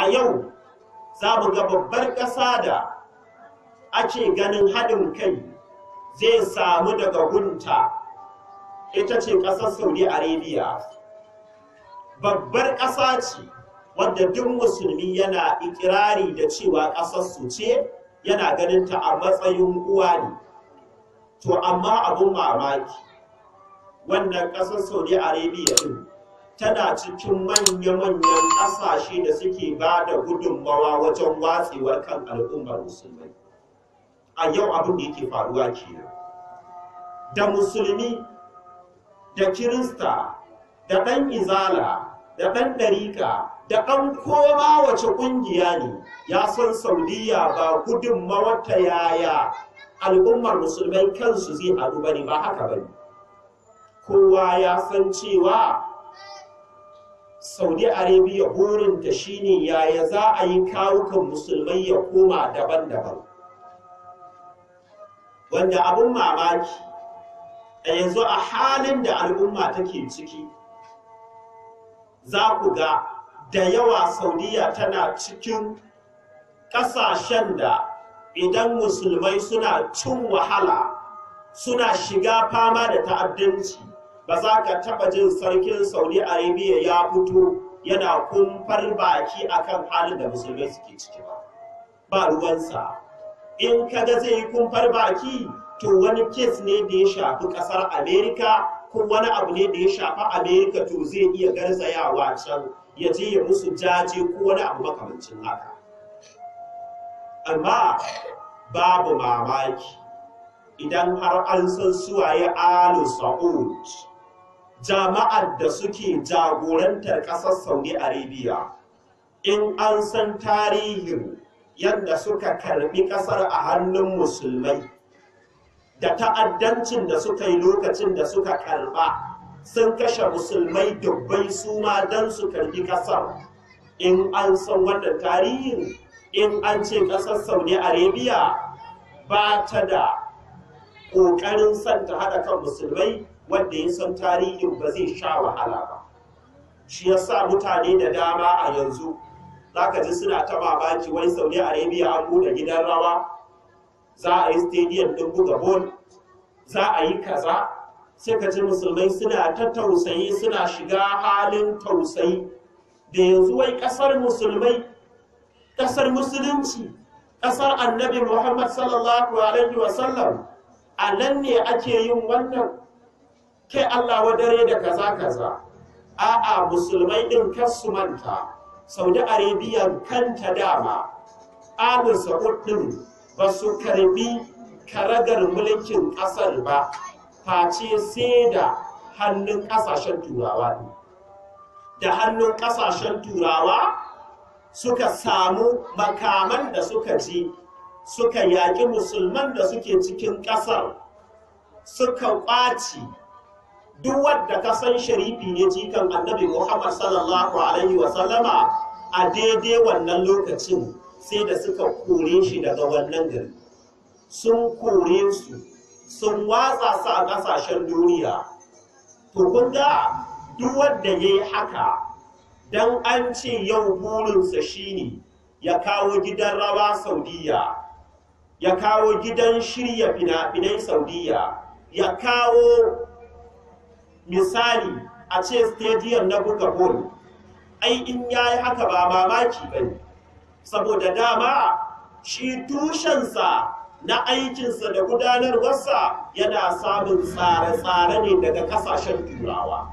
a yau za mu ga babbar ƙasa da ake ganin haɗin kai zai samu daga gunta ita ce ƙasar saudi arabia babbar ƙasa ce wadda duk musulmi yana ikirari da cewa ƙasar su ce yana ganin ta a matsayin uwa ne to amma abin mamaki wannan ƙasar saudi arabia din tana cikin manya-manyan ƙasashe da suke ba da gudunmawa wajen watsewar kan al'ummar musulmai a yau abin da yake faruwa ke da musulmi da kirista da ɗan izala da ɗan ɗarika, da ɗan koma wace ƙungiya ne ya san saudiya ba gudunmawar ta yaya al'ummar musulmai kansu zai haɗu ba ne ba haka ba ne kowa ya san cewa saudi arabia burinta shine yaya za a yi kawukan musulmai ya koma daban-daban wanda abin mamaki a yanzu a halin da al'umma take ciki za ku ga da yawa saudiya tana cikin ƙasashen da idan musulmai suna cin wahala suna shiga fama da ta'addanci ba za ka taɓa jin sarkin saudi arabia ya fito yana kumfar baki akan halin da musulmai suke ciki ba ba ruwansa in kaga zai yi kumfar baki to wani kes ne da ya shafi ƙasar Amerika, ko wani abu ne da ya shafi Amerika to zai iya garzayawa can ya je ya musu jaje ko wani abu makamancin haka amma babu mamaki idan har an san suwaye alu sa'ud jama'ar da suke jagorantar ƙasar saudi arabia in an san tarihin yadda suka karbi ƙasar a hannun musulmai da ta'addancin da suka yi lokacin da suka karba sun kashe musulmai dubbai su ma don su karbi ƙasar in an san wannan tarihin in an ce ƙasar saudi arabia ba ta da ƙoƙarin son ta haɗa kan musulmai wanda ya san tarihin ba zai sha wahala ba shi yasa mutane da dama a yanzu zaka ji suna ta mamaki wai saudi arabia an buɗe gidan rawa za a yi stadium ɗin buga bol za a yi kaza sai ka ji musulmai suna ta tausayi suna shiga halin tausayi da yanzu wai ƙasar musulmai ƙasar musulunci ƙasar annabi muhammad sallallahu alaihi wasallam a nan ne ake yin wannan kai Allah dare da kaza kaza a'a musulmai din kasu su manta Saudi Arabia kanta dama alin Saud din ba su karbi karagar mulkin kasar ba face sai da hannun kasashen turawa da hannun kasashen turawa suka samu makaman da suka ji suka yaƙi musulman da suke cikin ƙasar suka ƙwaci duk wadda ka san sharifi ne jikan annabi Muhammad sallallahu alaihi wa sallama a daidai wannan lokacin sai da suka kore shi daga wannan gari sun kore su sun watsa su a ƙasashen duniya to kun ga duk ya yi haka don an ce yau burinsa shine ya kawo gidan rawa saudiya ya kawo gidan shirya fina-finai saudiya ya kawo misali a ce stadium na buga bol ai in ya yi haka ba mamaki ba ne saboda dama shi tushensa na aikinsa da gudanarwarsa yana samun tsare-tsare ne daga kasashen turawa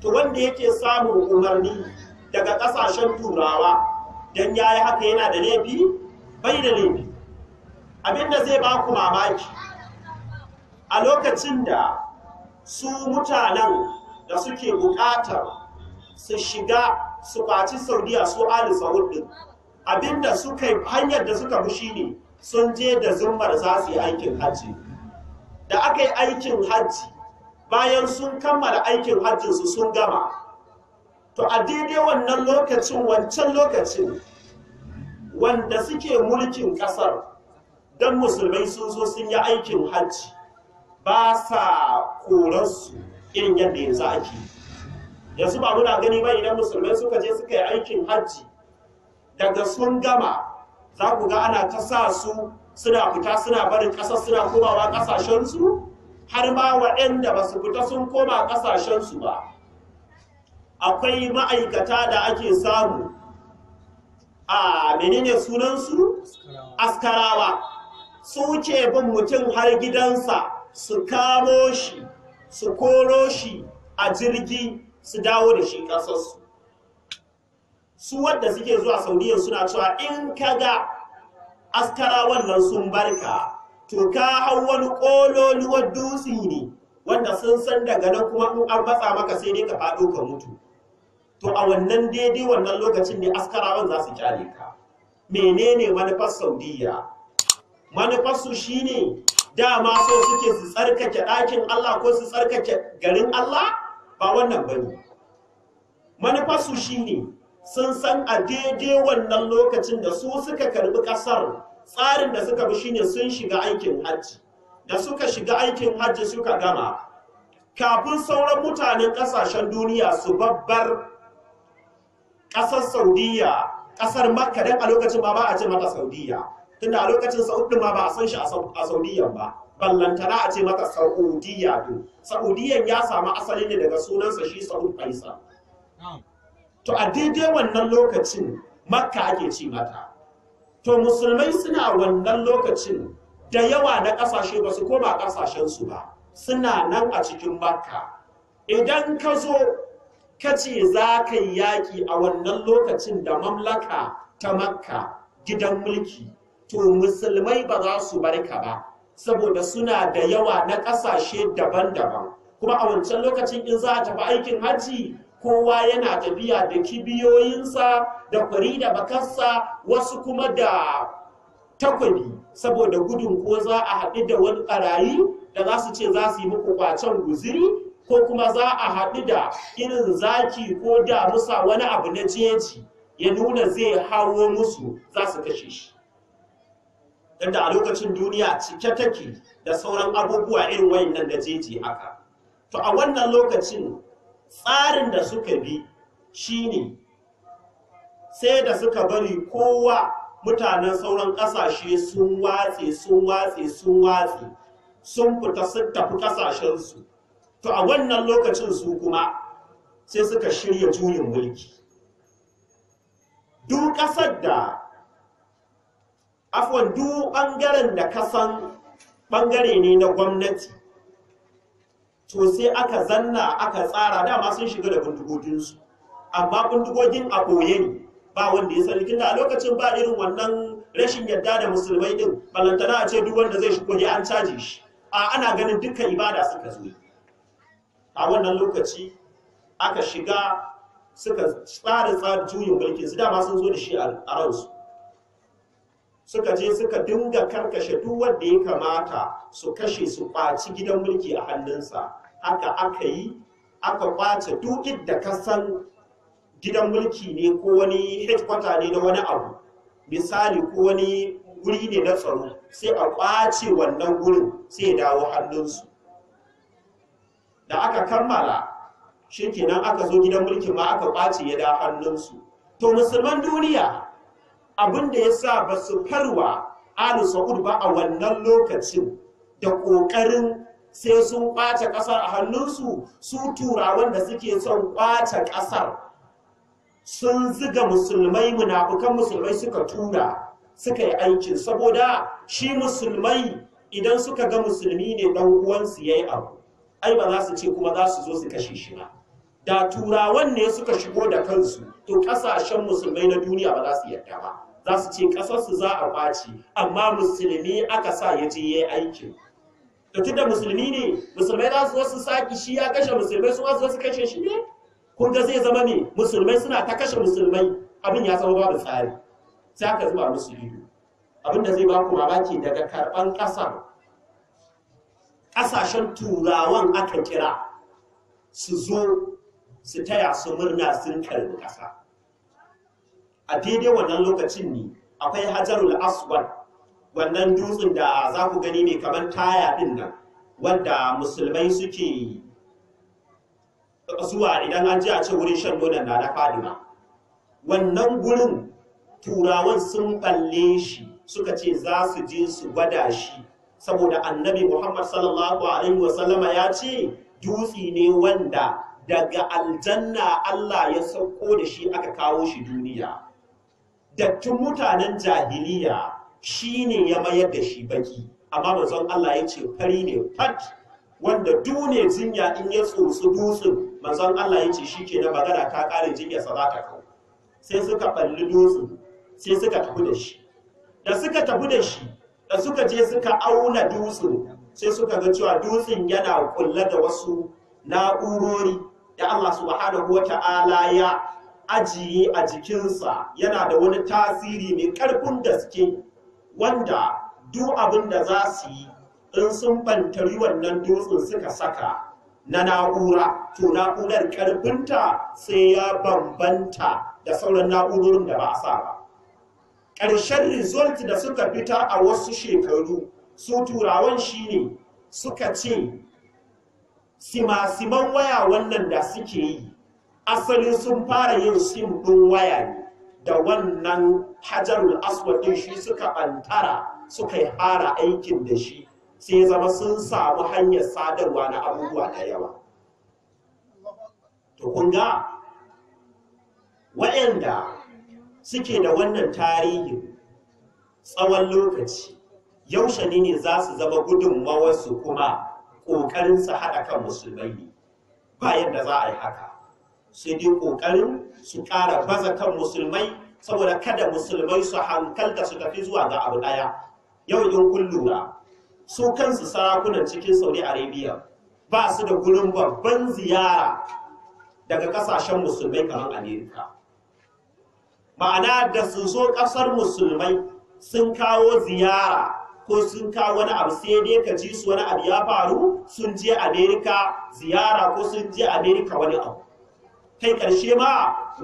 to wanda yake samun umarni daga kasashen turawa don ya yi haka yana da laifi bai da laifi abinda zai ba ku mamaki a lokacin da su mutanen da suke buƙatar su shiga su kwaci saudiya su ali sa'uɗi abinda suka yi hanyar da suka bushi ne sun je da zumar za su yi aikin hajji da aka yi aikin hajji bayan sun kammala aikin hajjinsu sun gama to a daidai wannan lokacin wancan lokacin wanda suke mulkin kasar don musulmai sun zo sun yi aikin hajji ba sa su irin yadda yanzu ake yanzu ba muna gani ba idan musulmai suka je suka yi aikin hajji daga sun gama za ku ga ana ta sa su suna fita suna barin ƙasa suna komawa ƙasashensu har ma waɗanda ba su fita sun koma ƙasashensu ba akwai ma'aikata da ake samu a menene sunansu askarawa su ce bin mutum har gidansa su kamo shi su koro shi a jirgi su dawo da shi ƙasarsu su wadda suke zuwa Saudiyya suna cewa in ka ga askara wannan sun barka to ka hau wani ƙololuwar dutse ne wanda sun san daga nan kuma in an matsa maka sai dai ka faɗo ka mutu to a wannan daidai wannan lokacin ne askarawan za su kyale ka menene manufar saudiya manufarsu ne? dama so suke su tsarkake ɗakin Allah ko su tsarkake garin Allah ba wannan bane manufarsu shine sun san a daidai wannan lokacin da su suka karbi ƙasar tsarin da suka bi shine sun shiga aikin hajji da suka shiga aikin hajji suka gama kafin sauran mutanen ƙasashen duniya su babbar ƙasar saudiya ƙasar makka don a lokacin ba ba a ce mata saudiya tunda a lokacin Saudi ma ba a san shi a Saudiyan ba ballantana a ce mata Saudiya to Saudiyan ya samu asali ne daga sunansa shi Saud faisa to a daidai wannan lokacin Makka ake ce mata to musulmai suna wannan lokacin da yawa na ƙasashe ba su koma su ba suna nan a cikin Makka idan ka zo ka ce za ka yi yaƙi a wannan lokacin da mamlaka ta Makka gidan mulki to musulmai ba za su barka ba saboda suna da yawa na ƙasashe daban-daban kuma a wancan lokacin in za a tafi aikin hajji kowa yana tafiya da kibiyoyinsa da kwari da bakarsa wasu kuma da takwabi saboda gudun ko za a haɗu da wani ɓarayi da za su ce za su yi muku kwacen guziri ko kuma za a haɗu da irin zaki ko da damusa wani abu na jeji ya nuna zai hawo musu za su kashe shi yadda a lokacin duniya cike take da sauran abubuwa irin wayannan da jeji haka. to a wannan lokacin tsarin da suka bi shine sai da suka bari kowa mutanen sauran ƙasashe sun watse sun watse sun watse sun fita sun tafi ƙasashensu to a wannan lokacin su kuma sai suka shirya juyin mulki duk ƙasar da afon duk ɓangaren da kasan bangare ne na gwamnati to sai aka zanna aka tsara dama sun shiga da bindigoginsu amma bindigogin a koye ne ba wanda ya sani tunda a lokacin ba irin wannan rashin yadda da musulmai din balantana a ce duk wanda zai shigo ya an caje shi a ana ganin dukkan ibada suka zo a wannan lokaci aka shiga suka tsara tsarin juyin mulkin su dama sun zo da shi a ransu suka je suka dinga karkashe duk wanda ya kamata su kashe su kwaci gidan mulki a hannunsa haka aka yi aka kwace duk inda ka san gidan mulki ne ko wani headquarter ne na wani abu misali ko wani wuri ne na tsaro sai a kwace wannan gurin sai ya dawo hannunsu da aka kammala shi kenan aka zo gidan mulkin ma aka kwace ya da hannunsu to musulman duniya abin da ya sa ba su farwa alu sa'ud ba a wannan lokacin da ƙoƙarin sai sun ƙwace ƙasar a hannunsu su turawan da suke son ƙwace ƙasar sun ziga musulmai munafukan musulmai suka tura suka yi aikin saboda shi musulmai idan suka ga musulmi ne ɗan uwansu ya yi abu ai ba za su ce kuma za su zo su kashe shi ba da turawan ne suka shigo da kansu to kasashen musulmai na duniya ba za su yarda ba za su ce kasarsu za a kwaci amma musulmi aka sa ya je yi aikin to tunda musulmi ne musulmai za su zo su saki shi ya kashe musulmai su za su kashe shi ne kun ga zai zama ne musulmai suna ta kashe musulmai abin ya zama babu tsari sai aka zuba musu abin da zai ba ku mamaki daga karban ƙasar kasashen turawan aka kira su zo su taya su murna sun karbi ƙasa a daidai wannan lokacin ne akwai hajarul aswad wannan dutsen da za ku gani ne kamar taya ɗin nan wanda musulmai suke zuwa idan an ji a ce wurin shan nonon na na fadima wannan gurin turawan sun falle shi suka ce za su je su gwada shi saboda annabi muhammad sallallahu alaihi wasallama ya ce dutse ne wanda daga aljanna Allah ya sauko da shi aka kawo shi duniya dattin mutanen jahiliya shine ya mayar da shi baki amma manzon Allah ya ce fari ne fat wanda dune jinya in ya tsotsi Ba manzon Allah ya ce shi ke na magana ta ƙare jinya sa za ta kawo. sai suka balli dutsen sai suka tafi da shi da suka tafi da shi da suka je suka auna dutse sai suka ga cewa dutsen yana kulle da wasu na'urori da Allah subhanahu wa ta'ala ya ajiye a jikinsa yana da wani tasiri mai ƙarfin gaske wanda duk abin da za su yi in sun bantari wannan dutsen suka saka na na'ura to na'urar ƙarfinta sai ya bambanta da sauran na'urorin da ba a sa ba ƙarshen result da suka fita a wasu shekaru su turawan shine suka ce simasiman waya wannan da suke yi asalin sun fara yin simbin waya ne da wannan hajarul aswadin shi suka ɓantara suka yi fara aikin da shi sai zama sun samu hanyar sadarwa na abubuwa da yawa to kun ga waɗanda suke da wannan tarihi tsawon lokaci yaushe ne za su zama gudunmawarsu kuma ƙoƙarin su haɗa kan musulmai ne bayan da za a yi haka sai dai ƙoƙarin su ƙara baza kan musulmai saboda kada musulmai su hankalta su tafi zuwa ga abu ɗaya yau in kun lura su kansu sarakunan cikin saudi arabia ba su da gurin babban ziyara daga ƙasashen musulmai kamar amerika ma'ana da su zo ƙasar musulmai sun kawo ziyara ko sun kawo wani abu sai dai ka ji su wani abu ya faru sun je amerika ziyara ko sun je amerika wani abu kai ƙarshe ma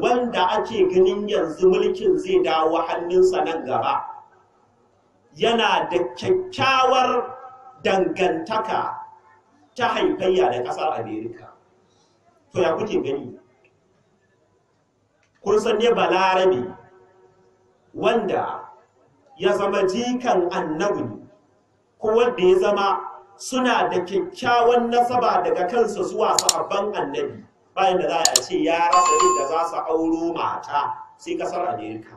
wanda ake ganin yanzu mulkin zai dawo hannunsa nan gaba yana da kyakkyawar dangantaka ta haifayya da ƙasar amerika to ya kuke gani kun san ne balarabe wanda ya zama jikan annabi ne ko wanda ya zama suna da kyakkyawan nasaba daga kansa zuwa sahabban annabi bayan da za a ce ya rasa da za su auro mata sai kasar amerika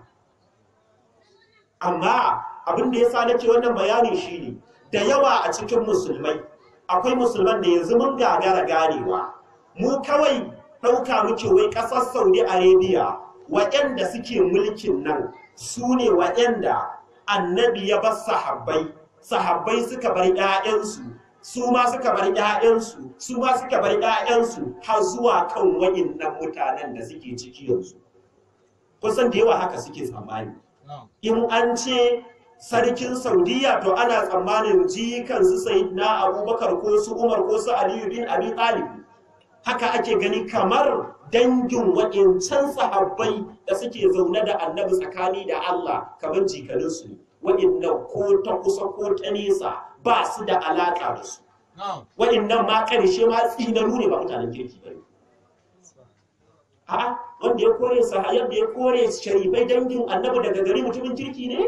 amma abin da ya sa nake wannan bayani shine da yawa a cikin musulmai akwai musulman da yanzu mun gagara ganewa mu kawai ɗauka muke wai ƙasar saudi arabia waɗanda suke mulkin nan su ne waɗanda annabi ya bar sahabbai sahabbai suka bar ƴaƴansu su ma suka bar ƴaƴansu su ma suka bar ƴaƴansu har zuwa kan wayannan mutanen da suke ciki yanzu kusan da yawa haka suke tsammani in an ce sarkin saudiya to ana tsammanin jikan su sayyidina abubakar ko su umar ko su aliyu bin abi talib haka ake gani kamar dangin wa'incan sahabbai da suke zaune da annabi tsakani da Allah kamar jikaninsu ne waɗannan ko ta kusa ko ta nesa ba su da alaƙa da su waɗannan ma ƙarshe ma tsinaru ne ba mutanen kirki ba ne wanda ya kore hayar da ya kore sharifai dangin annabi daga gari mutumin kirki ne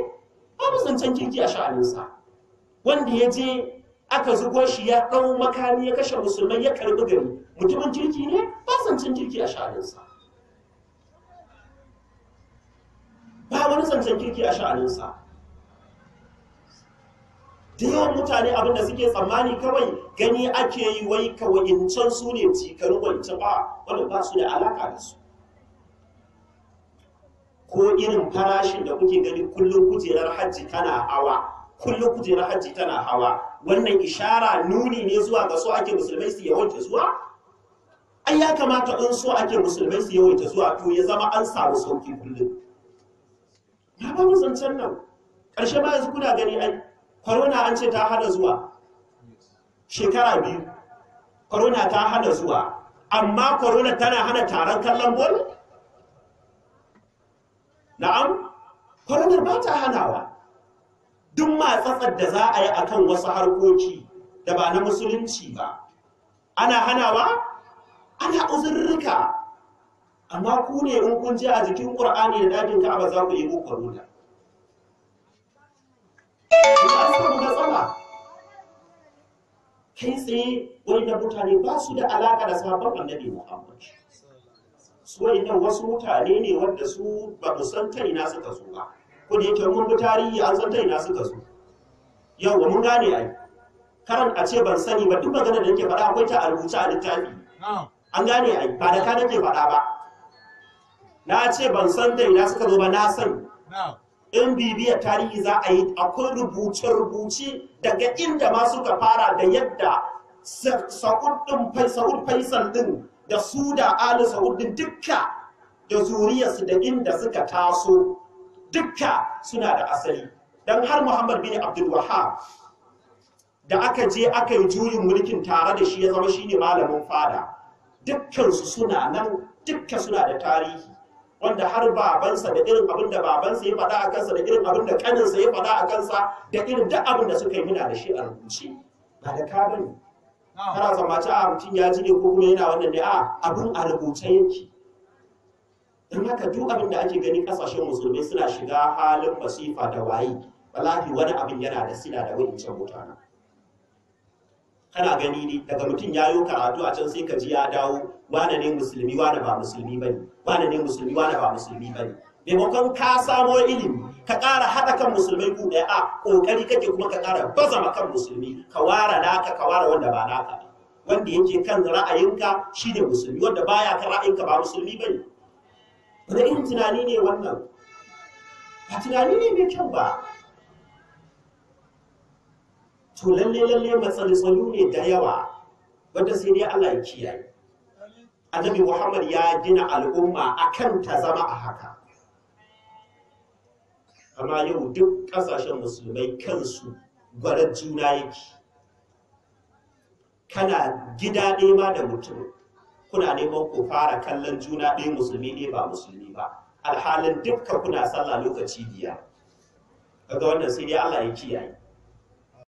babu zancen kirki a sha'aninsa wanda ya je aka zugo shi ya ɗau makami ya kashe musulmai ya karɓi gari mutumin kirki ne ba zancen kirki a sha'aninsa ba wani zancen kirki a sha'aninsa da yawan mutane abinda suke tsammani kawai gani ake yi wai ka wa'incan su ne cikarin wancan ba wani ba su da alaka da su ko irin farashin da kuke gani kullum kujerar hajji tana hawa kullum kujerar hajji tana hawa wannan ishara nuni ne zuwa ga su ake musulmai su yawanci zuwa ai ya kamata in so ake musulmai su yawaita zuwa to ya zama an samu sauki kullum ya ba mu zancen nan ƙarshe ma yanzu kuna gani ai corona an ce ta hada zuwa shekara biyu corona ta hada zuwa amma corona tana hana taron kallon bol na'am corona ba ta hanawa duk matsatsar da za a yi akan wasu harkoki da ba na musulunci ba ana hanawa ana uzurruka amma ku ne in kun ji a jikin qur'ani da dakin ka'aba za ku yi korona ba su da matsala kai tsaye wanda mutane ba su da alaƙa da sabon annabi muhammad su wa'annan wasu mutane ne wanda su ba mu san ta ina suka zo ba ko da yake mun bi tarihi an san ta ina suka zo yawwa mun gane ai karan a ce ban sani ba duk maganar da yake faɗa akwai ta a rubuce a littafi an gane ai ba da ka nake faɗa ba na ce ban san da ina suka zo ba na san in bibiyar tarihi za a yi akwai rubuce-rubuce daga inda ma suka fara da yadda sa'ud faisal din da su da ali sa'udin dukka da zuriyarsu da inda suka taso dukka suna da asali don har muhammad bin abdul wahab da aka je aka yi juyin mulkin tare da shi ya zama shine malamin fada dukkansu suna nan dukkan suna da tarihi wanda har babansa da irin abin da babansa ya faɗa a kansa da irin abin da kaninsa ya faɗa a kansa da irin duk abin da suka yi muna da shi a rubuce ba da ka bane kana zamace a ah, mutum ya ji ne ko kuma yana wannan ne a ah, abin a rubuce yake don haka duk abin da ake gani kasashen musulmi suna shiga halin masifa da waye wallahi wani abin yana da sila da wani can mutanen kana gani ne daga mutum ya yi karatu a can sai ka ji ya dawo wane ne musulmi wane ba musulmi bane wane ne musulmi wane ba musulmi bane maimakon ka samo ilimi ka ƙara haɗa kan musulmai ku ɗaya a ƙoƙari kake kuma ka ƙara bazama kan musulmi ka ware naka ka ware wanda ba naka ba wanda yake kan ra'ayinka shi ne musulmi wanda baya kan ra'ayinka ba musulmi bane wani irin tunani ne wannan ba tunani ne mai kyau ba to lalle lalle matsaltsalu ne da yawa wadda sai dai Allah ya kiyaye annabi Muhammad ya gina al'umma akan ta zama a haka amma yau duk ƙasashen musulmai kansu gwarar juna yake kana gida ɗaya ma da mutum kuna neman ku fara kallon juna ɗaya musulmi ne ba musulmi ba alhalin dukka kuna sallah lokaci biya kaga wannan sai dai Allah ya kiyaye